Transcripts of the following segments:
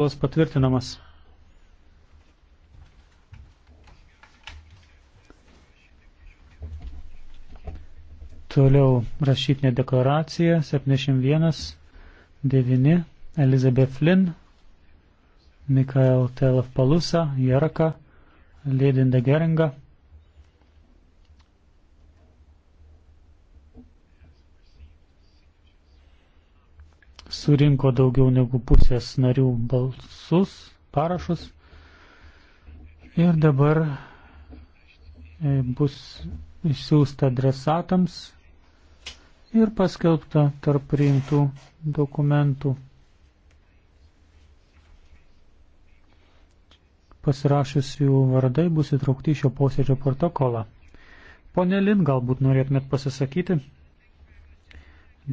bus patvirtinamas. Toliau rašytinė deklaracija 71.9. Elizabeth Flynn, Mikael Telef Palusa, Jeraka, Lėdinda Geringa. surinko daugiau negu pusės narių balsus, parašus. Ir dabar e, bus išsiųsta adresatams ir paskelbta tarp priimtų dokumentų. Pasirašius jų vardai bus įtraukti šio posėdžio protokolą. Pone Lin, galbūt norėtumėt pasisakyti?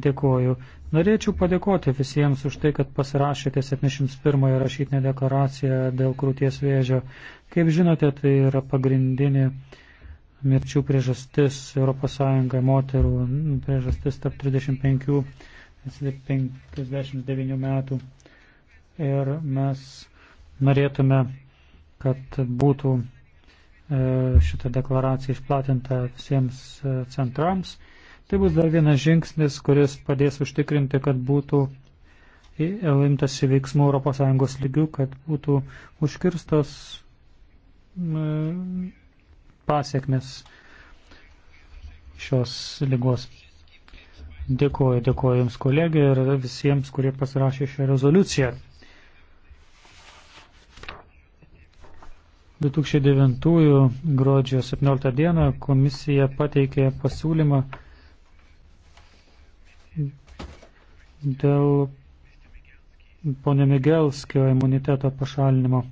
Dėkuoju. Norėčiau padėkoti visiems už tai, kad pasirašėte 71 rašytinę deklaraciją dėl krūties vėžio. Kaip žinote, tai yra pagrindinė mirčių priežastis ES moterų, priežastis tarp 35 ir 59 metų. Ir mes norėtume, kad būtų e, šita deklaracija išplatinta visiems e, centrams. Tai bus dar vienas žingsnis, kuris padės užtikrinti, kad būtų imtasi veiksmų ES lygių, kad būtų užkirstos pasiekmes šios lygos. Dėkuoju, dėkuoju Jums kolegė ir visiems, kurie pasirašė šią rezoliuciją. 2009 gruodžio 17 dieną komisija pateikė pasiūlymą dėl ponė Migelskio imuniteto pašalinimo.